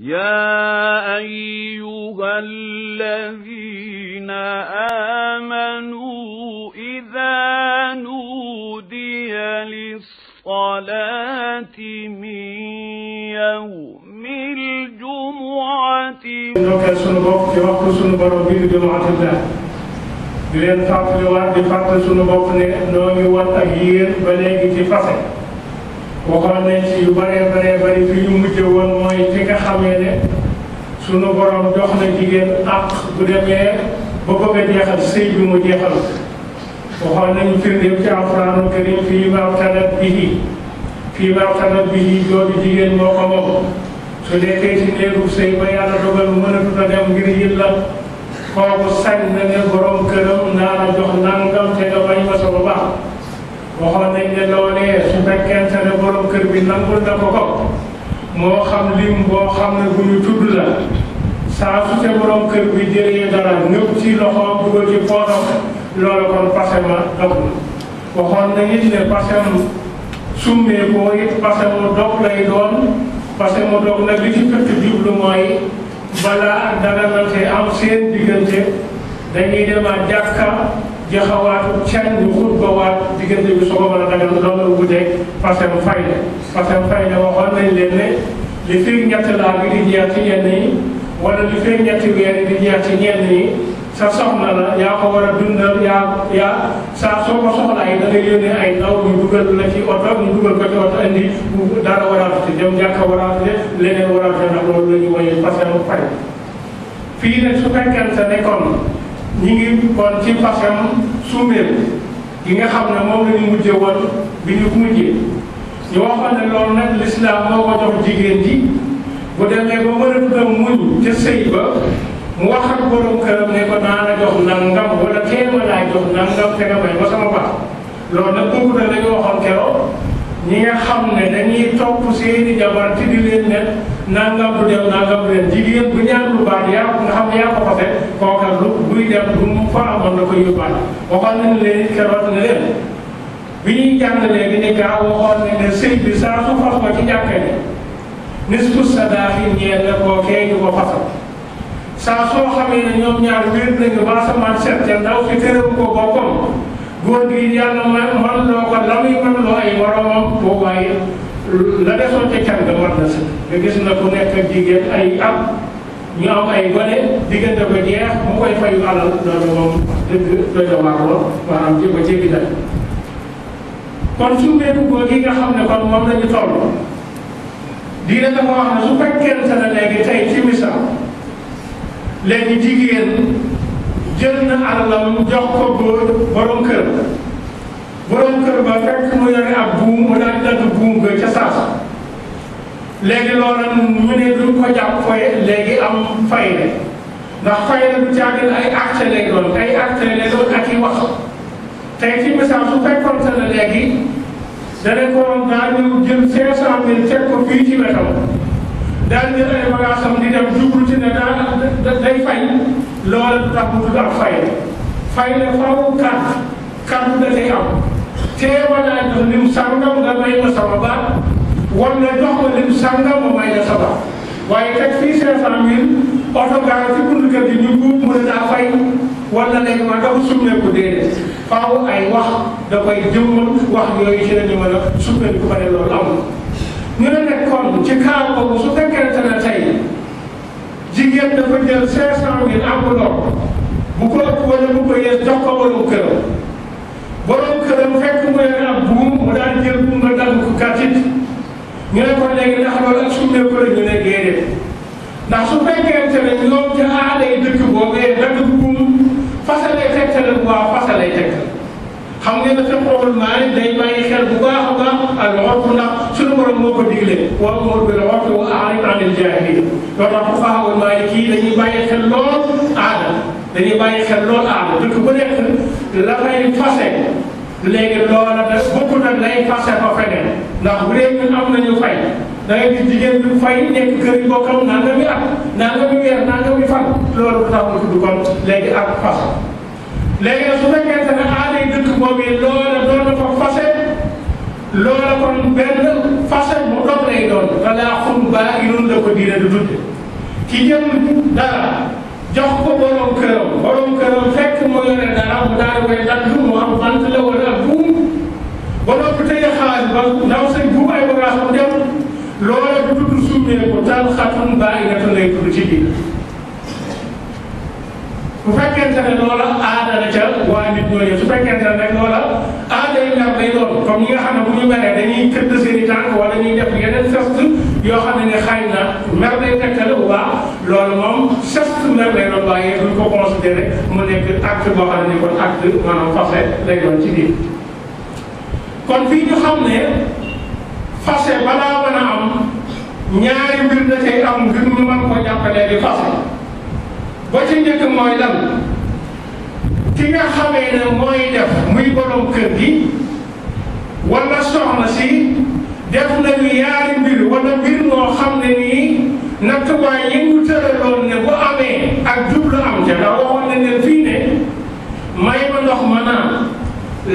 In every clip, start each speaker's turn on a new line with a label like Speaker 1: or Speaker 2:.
Speaker 1: يا أيها الذين آمنوا إذا نودي للصلاة من يوم الجمعة نوكل سنو بوك في وقت سنو برو بير جمعة الله di waxoon nañ ci yu bëree bëree bëri fi ñu mujj woon mooy fi nga xamee ne sunu borom jox na jigéen àq bu demee ba bëgg a jeexal sëy bi mu jeexal waxoon nañu fii ma tanat ko moom su nekkee ci néegu sëy ba yàlla dogal mënatut a dem ngir yilla kooku sañ na ne borom këram naa la jox nangam te nga bañ ma sa baax waxoon nañ ne loolee su fekkente ne borom kër bi nangul na ko ko moo xam lim boo xam ne bu ñu tudd la saa su te borom kër bi jëlee dara ñëpp ci loxo dugal ci poosam loolu kon pase ma dog na waxoon nañ it ne pasem summee ko it pase mu dog lay doon pase mu dog nag li ci jublu mooy balaa ak daganante am seen diggante dañuy demaat jàkka jaxawaatu can yu xutba waat diggante bi su ko mën a dagal loolu wuteeg fasem fayda fasem fayda waxoon nañ leen li fi ñett laa gi di jeex ci ñenn yi wala li fi ñetti weer di jeex ci ñenn yi sa soxna la yaa ko war a dundal yaa yaa saa soo ko soxlaa yi da ngay ay ndaw ñu dugal la ci oto ñu dugal ko ci oto indi dara waraatu ci jëm jàkka waraatu de leneen waraatu nag loolu la ñu woyee fasem fayda fii nag su fekkente ne kon ñu ngi kon ci façon suumeel gi nga xam ne moom la ñu mujjee woon bi ñu mujjee ñu waxoon ne loolu nag lislaam moo ko jox jigéen ji bu demee ba mën a muñ ca sëy ba mu wax ak borom këram ne ko naa la jox nangam wala teema laay jox nangam te nga may ba sama baax loolu nag dugg na dañu waxoon keroog ñi xam ne dañuy topp seeni jabar ci di leen ne nangam bu dem nangam bu leen jigéen bu ñaan ne yaa nga xam ne yaa ko fase kooka lu buy dem lu mu fa amoon la koy yóbbaale waxoon nañ leen keroog ne leen bi ñuy jàng léegi ne gaa waxoon ne ne sëy bi saa su fas ma ci jàkka ni nisfu sadaqi ñeel la kookee ñu ko fasal saa soo xamee ne ñoom ñaar wér nañu ba asamaan set te ndaw si tëral ko boppam góor gi yàlla man man loo ko la muy man loo ay moromam boo waaye la desoon ca can ga war na si nga gis na ku nekk jigéen ay am ñu am ay gone diggante ko jeex mu koy fayu alal loolu moom dëgg doy na waar lool maanaam jéem a jéggi dal kon sumbeeku góor gi nga xam ne kon moom la ñu toll diine dafa wax ne su fekkente ne léegi tey ci misaal léegi jigéen jël na alalam jox ko góor borom kër borom ba fekk mu yore ab mu daal dagg léegi loola ñu ne duñ ko jàpp fooye léegi am fayda ndax fayda bu caagin ay acte lay doon ay acte lay wax tey ci misaal su fekkoon sa la léegi dana ko daañu jël cinq cent mille teg fii ci wetam daal jël day fay loola du tax mu tudd am fayda fayda faaw carte carte da cay am teewa naa jox lim sàngam nga may ma sama wan la jox ma lim sàngam ma may la sa baax waaye teg fii cinq cent mille oto gaara ci bunt kër gi ñu buub mën fay wala léegi ma dafa summeeku déedéet faaw ay wax da koy wax yooyu ci la ñu mën a summeeku ba ne loolu amul ñu ne nag kon ci kaar boobu su fekkente ne tey jigéen dafa jël cinq cent mille enveloppe bu ko ëpp wala bu ko yees jox ko këram borom këram fekk mu yor ab buum mu daan jël buum nga dal ko gàttit ñu ne kon léegi ndax loolu ak suñu nekk la ñu ne déedéet ndax su fekkente ne ñoom ci aaday dëkk boobu yee dëkk bu fasalee tegtale bu baax fasalee tegtal xam ngeen ne fiqhul maalik day bàyyi xel bu baax a baax al urf ndax suñu borom moo ko digle wa'mur bil urfi wa a'rid anil jaahiliin loolu tax fuqahaa maaliki yi dañuy bàyyi xel lool aada dañuy bàyyi xel lool aada dëkk bu nekk la fay fase léegi loola des bokk na lay fase fa feneen ndax bu dee ñun am nañu fay da ngay gis jigéen ñu fay nekk kër yi bokkam nangami at nangami weer nangami fan loolu tax mu tudd kon léegi ak fas léegi nag su fekkente ne aaday dëkk boobu loola doon na fa fase loola kon benn fase mu doon lay doon talaaxun baa'inun la ko diine du tudde ki jëm dara jox ko borom këram borom këram fekk mu yore dara mu daal koy dagg mu am bant la wala buum borom bi tëye xaalis ba ndaw xalxatun baa'idatun lay tudd ci biir bu fekkente ne loola aada la ca waa nit ñooñu su fekkente ne nag loola aada yi ndax day doon comme ñi nga xam ne bu ñu meree dañuy këdd seen i tànk wala ñuy def yeneen geste yoo xam ne ne xay na mer day tekkale bu baax loolu moom geste mer lay doon waaye duñ ko considéré mu nekk acte boo ne kon acte maanaam fase lay doon ci biir kon fii ñu xam ne fase balaa mën a am ñaari am ngir ñu mën koo jàppalee di fas ba ci njëkk mooy lan ki nga xamee ne mooy def muy borom kër gi wala soxna si def nañu yaari mbir wala mbir moo xam ne nii nattuwaay yi amee ak jublu am ca ndax waxoon ne fii ne may ma ndox ma naan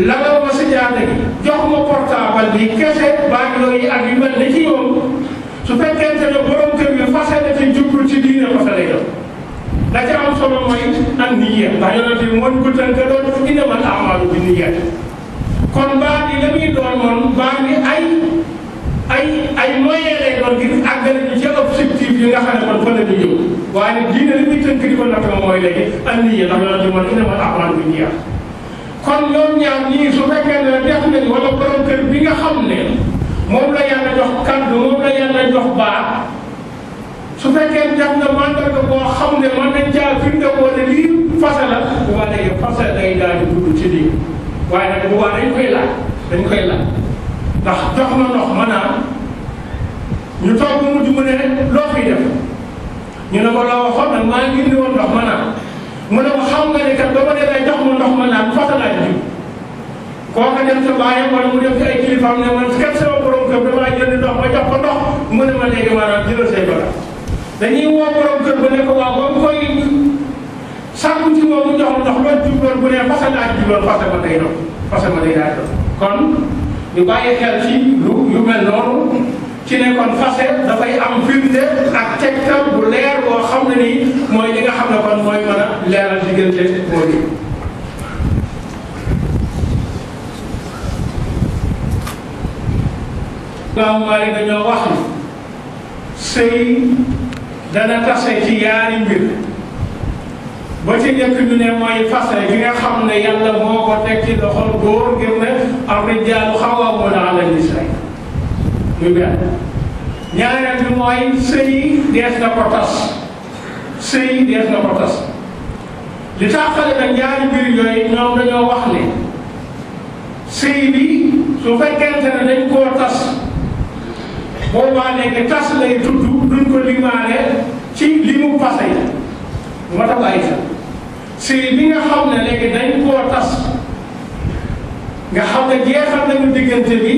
Speaker 1: lagal ma si jaata gi jox ma portable bi kese baagloo yi ak yu mel ne ci yoon. su fekkente ne borom kër gi fas te jublu ci diine ko sa lay def la ca am solo mooy an niya ndax yonent bi mën ko tënkaloon innamal a'maalu bin niyyaat kon baal yi la muy doon moom baal yi ay ay la ñu jëm waaye diine li bi moom innamal kon ñoom ñaar ñii su fekkee ne def nañ wala borom kër bi nga xam ne. moom la yàlla jox kàddu moom la yàlla jox baax su fekkee def nga màndarga boo xam ne mën nañ jaar fi nga ko ne lii fase la bu ma day daal di ci lii waaye nag bu baax dañ koy laaj dañ koy laaj ndax jox na ndox ma naan ñu toog mu mujj ne loo fiy def ñu ne ko loo waxoon nag maa ngi indi woon ndox ma naan mu ne ko xam nga ne kat dama ne lay jox ma ndox ma naan fase laa kooka dem sa bàyyi wala mu dem ci ay kilifaam ne man kat sama borom kër damaa jënd ndox ma jox ko ndox mu ne ma léegi maanaam jëlal say bala dañuy woo borom kër bu ne ko waaw ba mu koy sàkku ci woo mu jox ndox loolu jubloon bu ne fasa laa jubloon fasa ma day dox fasa ma day daal dox kon ñu bàyyi xel ci lu yu mel noonu ci ne kon fase dafay am firnde ak tegtal bu leer boo xam ne mooy li nga xam ne kon mooy mën a leeral diggante moo di imam malik dañoo wax ni sëy dana tase ci yaari mbir ba ci njëkk ñu ne mooy fase gi nga xam ne yàlla moo ko teg ci loxol góor ngir ne ar rijaalu xawaamuuna ala nisaa muy benn ñaareel bi mooy sëy dees na ko tas sëy dees na ko tas li tàqale nag ñaari mbir yooyu ñoom dañoo wax ne sëy bi su fekkente ne dañ koo tas boobaa nekk tas lay tudd duñ ko limaale ci li mu fase moo tax bàyyi xel sëy nga xam ne léegi dañ koo tas nga xam ne jeexal nañu diggante bi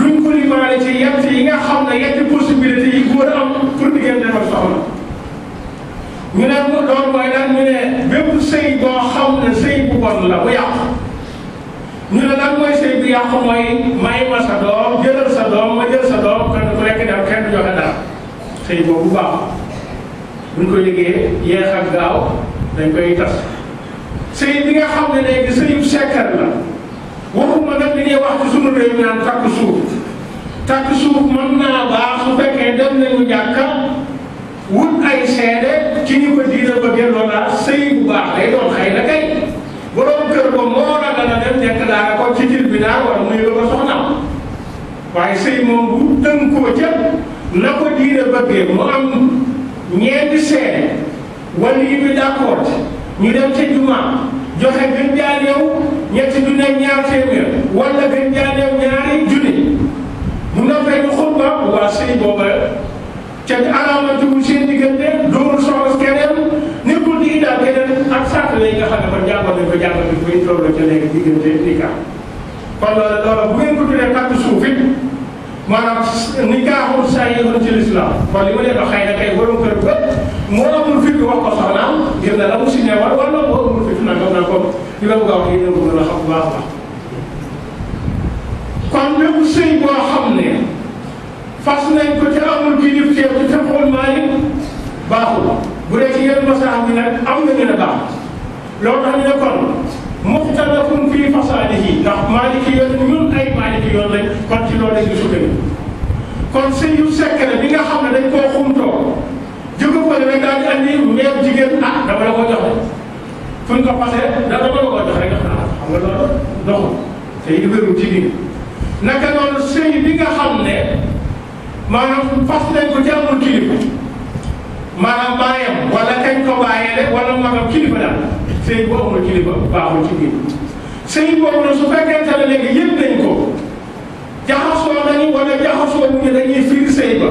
Speaker 1: duñ ko limaale ci yett yi nga xam ne yett possibilité yi góor am pour diggante ak soxna ñu ne loolu mooy lan ñu ne bépp sëy boo xam ne sëy bu bon la bu yàqu ñu ne lan mooy sëy bu yàqu mooy may ma doom jëlal sa doom ma jël sa doom kenn ku nekk dem kenn joxe dara sëy boobu baaxul buñ ko liggéey yeex ak gaaw dañ koy tas sëy bi nga xam ne léegi sëyu sekkar la waxuma nag li ñuy wax ci sunu réew mi naan takk suuf takk suuf mën naa baax su fekkee dem nañu jàkka wut ay seede ci ñu ko diina ba delloo daal sëy bu baax day doon xëy kay borom kër ko moo la dana dem nekk daara ko ci kil bi daa war muy lu ko soxnaam waaye sëy moom bu tënkoo ca na ko diine bëggee mu am ñeenti seede wala yi bi ñu dem ca juma joxe gën jaaneew ñetti du ne ñaar téeméer wala gën jaaneew ñaari junni mu noppee ñu xutba waa sëy booba ca alaamatu seen diggante sart la yi nga xam ne kon jàngal nañ ko jàngal nañ ko ñu tolloo ca léegi diggante nikaax kon loolu loolu bu ngeen ko tuddee takk suuf it maanaam nikaaxul saa yéexoon ci lislaam kon li ma leen wax xëy na kay borom kër ba moo amul fit wax ko soxnaam ngir ne la mu si newal wala moo amul fit nag wax naa ko li la bëgg a wax yi ko mën a xam la a baax kon même sëy boo xam ne fas nañ ko ca amul kilifteef ci taxul maalik baaxul bu dee ci yenn masaa yi nag am na gën a baax loolu tax ñu ne kon muxtalafun fii fasaadihi ndax maaliki yoon ñun ay maaliki yoon lañ kon ci loolu lañ ñu sukkandiku kon sëñ yu secret bi nga xam ne dañ koo xumtoo jëkko ko rek daal di andi meew jigéen ah dama la ko jox rek fu ñu ko pasee da dama la ko jox rek xam nga loolu doxul te it wérul ci biir naka noonu sëñ bi nga xam ne maanaam fas nañ ko jàngul kilifa maanaam baayam wala kañ ko bàyyee rek wala magam kilifa la sëy boo amul kilifa baaxul ci biir sëy boobu nag su fekkente ne léegi yëg nañ ko
Speaker 2: jaxasoo nañu
Speaker 1: wala jaxasoo ñu dañuy firi sëy ba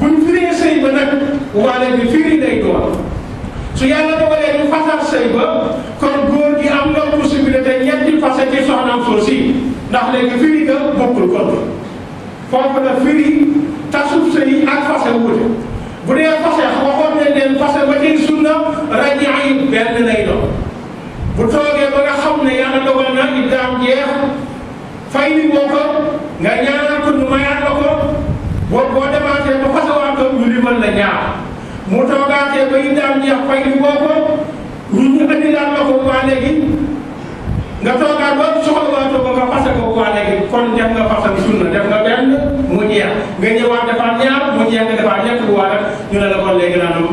Speaker 1: buñ firee sëy ba nag wala bi firi day doon su yàlla dogalee ñu fasal sëy ba kon góor gi am na possibilité ñetti fase ci soxnaam soosi ndax léegi firi ga bokkul kon foofu la firi tasub sëy ak fase rajo yi benn lay doon bu toogee ba nga xam ne yàlla dogal na iddaam jeex fay ni boo ko nga ñaanal ko ñu mayaat la ko boo boo demaatee ba fasawaat ko ñu limal la ñaar mu toogaatee ba iddaam jeex fay ni boo ko ñu ñu andilaat la ko waa léegi nga toogaat ba soxlawaatoo ko nga fase ko waa léegi kon def nga fasal sunna def nga benn mu jeex nga ñëwaat defaat ñaar mu jeex nga defaat ñett bu waa ñu ne la kon léegi naa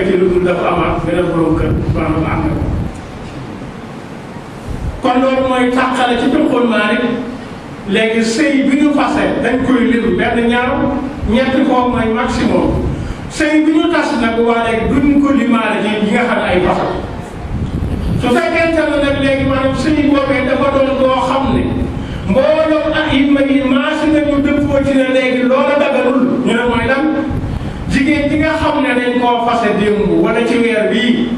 Speaker 1: nekkati lu dul dafa amaat beneen borom kër maanaam am na ko kon loolu mooy tàqale ci tuqul maa rek sëy bi ñu fase dañ koy lim benn ñaar ñetti ko mooy maximum sëy bi ñu tas nag waa duñ ko limaale ci ñi nga xam ay fase su fekkente ne nag léegi maanaam sëy boobee dafa doon boo xam ne mbooloo ak yi ma yi maasi nañu dëppoo ci ne léegi loola ba ci weer bii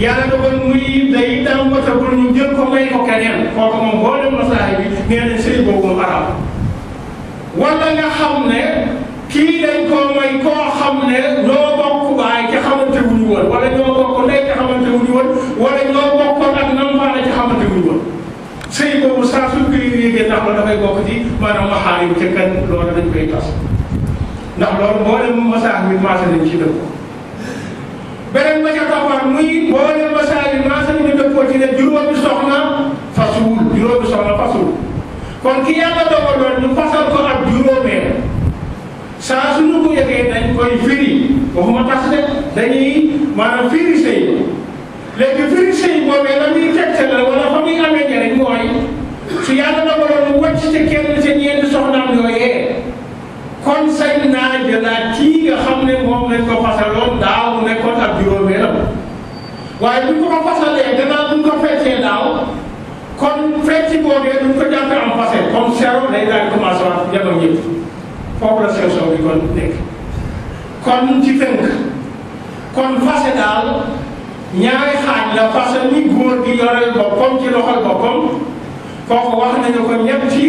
Speaker 1: yàlla dogal muy day daan watagul ñu jël ko may ko keneen kooku moom boolem masaay bi nee nañ sëy boobu mu nga xam ne kii dañ koo may koo xam ne loo bokk baay ca xamante wuñu woon wala ñoo bokk ndey ca xamante wuñu woon wala ñoo bokkoon ak nampaale ca xamante wuñu woon sëy boobu saa suñ koy yéegee ndax la dafay bokk ci maanaam waxaar yu ca kan loolu dañ koy tas ndax loolu boolem masaay bi maase nañ ci dëkk wax muy mboolem masaali maasal ñu def ko ci ne juróomi soxna fasuwul juróomi soxna fasuwul kon ki yàlla dogaloon ñu fasal ko ak juróomeel saa suñu ko yëgee dañ koy firi waxuma tas de dañuy maanaam firi sëy léegi firi sëy boobee la muy tegtal la wala fa muy amee njëriñ mooy su yàlla dogaloon mu wàcc ca kenn ca ñeenti soxnaam yooyee kon sañ naa jëlaat kii nga xam ne moom lañ ko fasaloon daaw nekkoon ak juróomeelam waaye bu ko fasalee danaa bu ñu ko feccee daaw kon fecci boobee du ñu ko jàppe am passé comme zéro day daal di commencé wax jamono ñëpp foofu la sew sew bi kon nekk kon ci tënk kon fase daal ñaari xaaj la fase ni góor gi yoreel boppam ci loxol boppam kooku wax nañu ko ñepp ci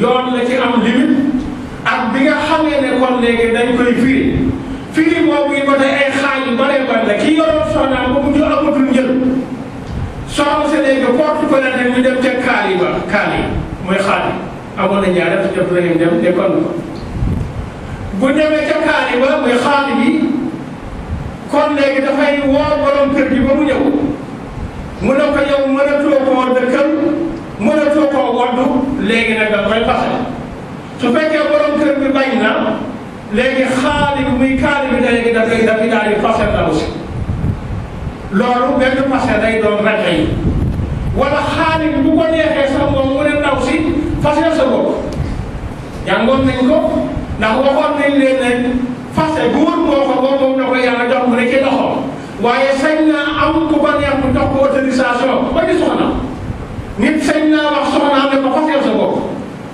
Speaker 1: yoon la ci am limite ak bi nga xamee ne kon léegi dañ koy firi firi boobu yi ba tey ay xaaj yu bëree bëri la ki yoroon soxnaam ba mujj amatul njëriñ soxna si léegi porte ko la ñu dem ca kaali ba kaali mooy xaali amoon na ñaar def def nañu dafay woo borom kër gi ba mu ñëw mu ne ko yow mënatoo koo dëkkal mënatoo koo woddu léegi nag da koy su fekkee borom kër bi bañ na. léegi xaali bu muy kaali bi léegi dafay dafay daal di fase ndaw si loolu benn fase day doon rajo yi wala xaali bu ko neexee sax moom mu ne ndaw si fase sa bopp jàngoon nañ ko ndax waxoon nañ leen ne fase góor moo ko moom moom na ko yàlla jox mu ne ci loxo waaye sañ naa am ku ko neex mu jox ko autorisation ba di soxna nit sañ naa wax soxnaa ne ko fase sa bopp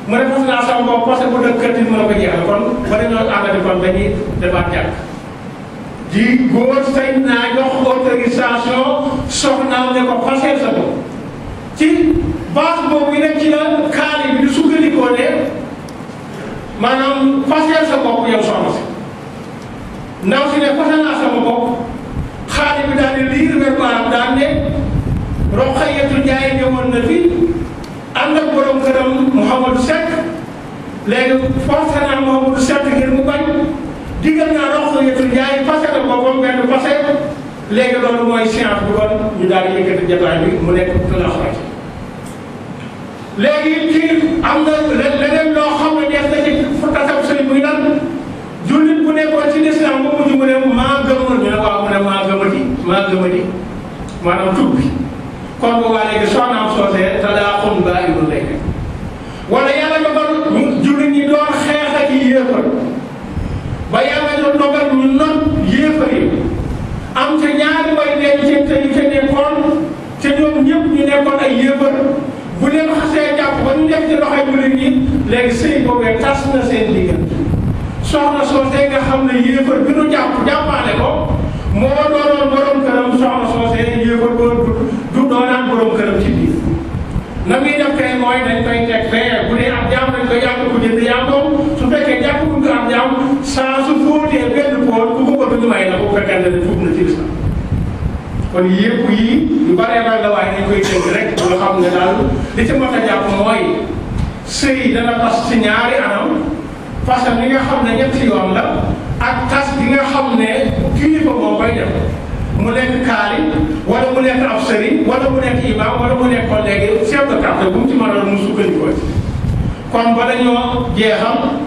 Speaker 1: ma defal naa sama bopp parce que bu dëkk kër gi mën a ko jeexal kon ba dañoo àndale kon dañuy demaat jàkk di góor sañ naa jox autorisation soxnaam ne ko fasee sa bopp ci base boobu rek ci la kaali bi di sukkandikoo ne maanaam fasee sa bopp yow soxna si ndaw si ne fase naa sama bopp xaali bi daal di liir verbal Mouhamadou Seck le forcé naa Mouhamadou Seck ngir mu bañ digal naa Rokhaya Ndiaye fase na boppam benn fase léegi loolu mooy science bi kon ñu daal di yëkkati jotaay bi mu nekk classage léegi ci am na leneen loo xam ne def na ci fu tasam sëriñ muy lan jullit bu nekkoon ci lislaam bu mujj mu ne maa gëmoon ñu ne waaw mu ne maa gëmati maa gëmati maanaam tuub bi kon bu waa léegi soo naam soosee talaaxum baa ibul lay teg ci loxoy murid yi léegi sëy boobee tas na seen diggante soxna soosee nga xam ne yéefar bi nu jàpp jàppaale ko moo doonoon borom këram soxna soosee yéefar boor du doonaan borom këram ci biir na muy def kay mooy dañ koy teg fee bu dee am jaam dañ koy yàgg ko jënd yàndoom su fekkee jàpp ku ko am jaam saa su fóotee benn pool ku ko ko dund may na bu fekkee ne tuub na ci kon yépp yi yu baree waaye dañ koy tënk rek xam nga daal li ci mën jàpp mooy sëy dana tas ci ñaari anam façon bi nga xam ne ñetti yoon la ak tas bi nga xam ne kilifa moo koy def mu nekk kaari wala mu nekk ab sëriñ wala mu nekk imaam wala mu nekk collègue chef de quartier bu mu ci mënoon mu sukkandikoo ci kon ba dañoo jeexam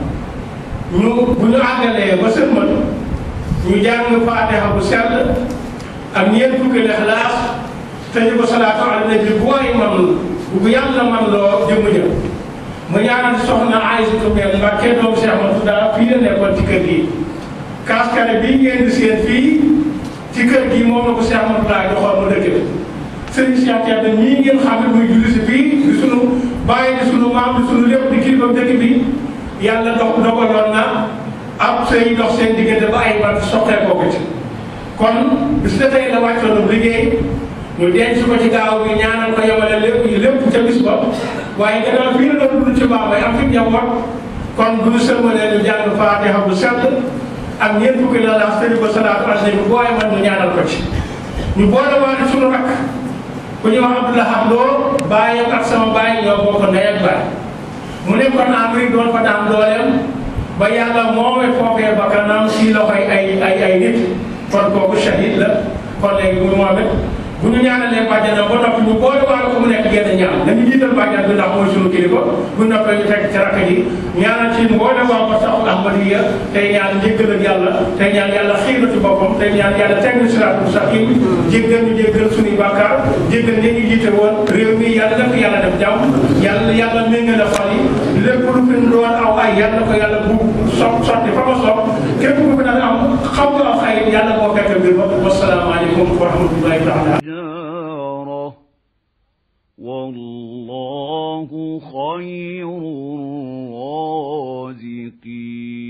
Speaker 1: ñu bu ñu àggalee ba sëlmal ñu jàng faatiha bu sell ak ñeent fukki lexlaas tajibu salaatu ala nabi booy mam bu yàlla man loo jëmm jëm mu ñaanal soxna Aysatu Mbeen Mbàkke kër gi kaaskare bii ngeen di seen fii ci kër gi moom la ko si fii di sunu bàyyi di di sunu lépp di kilifa dëkk bi yàlla dox dogaloon na ab sëy dox seen diggante ba ay bant soqee ko ci kon bis da tey la wàccoon liggéey ñu denc ko ci gaaw bi ñaanal ko yemale lépp lépp ca bis ba waaye gannaaw fii la doon dund ci Bambey am fi njaboot kon bu ñu sëlmalee ñu jàng faatiha bu sell ak ñeent fukki la laas tëri ba salaatu alay bu booy man ñu ñaanal ko ci. ñu boole waale suñu rakk ku ñu wax Abdoulaye Abdou bàyyam ak sama bàyyi ñoo bokk ndey ak baay mu nekkoon Amérique doon fa daan dooleem ba yàlla moomee foofee bakkanam si loxoy ay ay ay nit kon kooku shahid la kon bunu ñaanal le bajja na ba nopp ñu boole waal ko mu nekk genn ñaan nañu jiital bajja du ndax mooy suñu kilifa bu nopp ñu fekk ci rafet yi ñaanal ci boole waal ko sax ak mari ya tey ñaan jéggal ak yàlla tey ñaan yàlla xéenu ci boppam tey ñaan yàlla teg na siraatu saxim jéggal ñu jéggal suñu bakkaar jéggal ñi ñu jiite woon réew mi yàlla def yàlla def jàmm yàlla yàlla méngal a fal yi lépp lu fi mu doon aw ay yàlla ko yàlla bu so sotti fa ko soog képp ku fi daan am xam nga aw ay yàlla moo fekk mbir ma wasalaamaaleykum wa rahmatullahi taala والله خير الرازقين